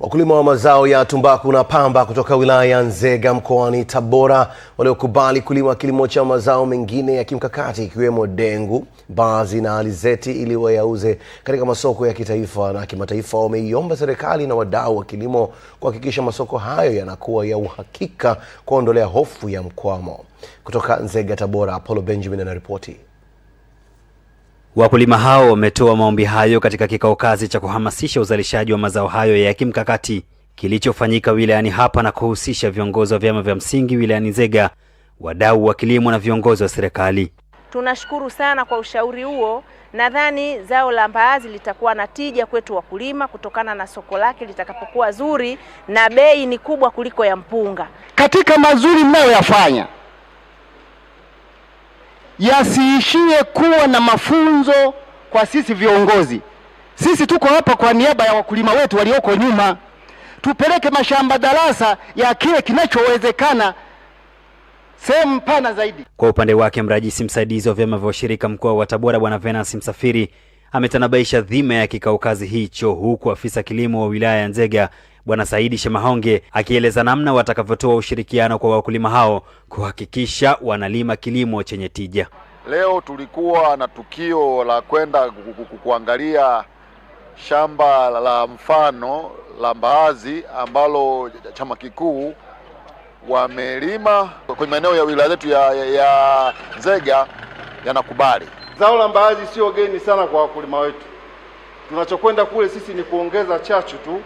Wakulima wa mazao ya tumbaku na pamba kutoka wilaya ya Nzega mkoani Tabora waliokubali kulima kilimo cha mazao mengine ya kimkakati ikiwemo dengu, mbaazi na alizeti ili wayauze katika masoko ya kitaifa na kimataifa wameiomba serikali na wadau wa kilimo kuhakikisha masoko hayo yanakuwa ya uhakika kuondolea hofu ya mkwamo. Kutoka Nzega, Tabora, Apollo Benjamin anaripoti. Wakulima hao wametoa maombi hayo katika kikao kazi cha kuhamasisha uzalishaji wa mazao hayo ya kimkakati kilichofanyika wilayani hapa na kuhusisha viongozi wa vyama vya msingi wilayani Nzega, wadau wa kilimo na viongozi wa serikali. Tunashukuru sana kwa ushauri huo. Nadhani zao la mbaazi litakuwa na tija kwetu wakulima, kutokana na soko lake litakapokuwa zuri na bei ni kubwa kuliko ya mpunga. Katika mazuri mnayoyafanya yasiishie kuwa na mafunzo kwa sisi viongozi. Sisi tuko hapa kwa niaba ya wakulima wetu walioko nyuma, tupeleke mashamba darasa ya kile kinachowezekana sehemu pana zaidi. Kwa upande wake, mrajisi msaidizi wa vyama vya ushirika mkoa wa Tabora Bwana Venance Msafiri ametanabaisha dhima ya kikao kazi hicho, huku afisa kilimo wa wilaya ya Nzega Bwana Saidi Shemahonge akieleza namna watakavyotoa ushirikiano kwa wakulima hao kuhakikisha wanalima kilimo chenye tija. Leo tulikuwa na tukio la kwenda kuangalia shamba la mfano la mbaazi ambalo chama kikuu wamelima kwenye maeneo ya wilaya yetu ya, ya, ya Nzega yanakubali zao la mbaazi sio geni sana kwa wakulima wetu. Tunachokwenda kule sisi ni kuongeza chachu tu,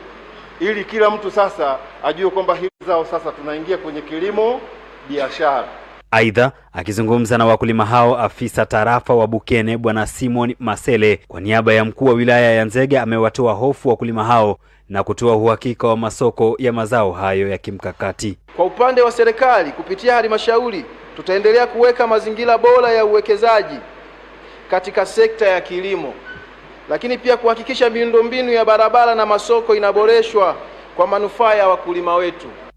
ili kila mtu sasa ajue kwamba hili zao sasa tunaingia kwenye kilimo biashara. Aidha, akizungumza na wakulima hao, afisa tarafa wa Bukene Bwana Simon Masele kwa niaba ya mkuu wa wilaya ya Nzega amewatoa hofu wakulima hao na kutoa uhakika wa masoko ya mazao hayo ya kimkakati. Kwa upande wa serikali kupitia halmashauri, tutaendelea kuweka mazingira bora ya uwekezaji katika sekta ya kilimo, lakini pia kuhakikisha miundombinu ya barabara na masoko inaboreshwa kwa manufaa ya wakulima wetu.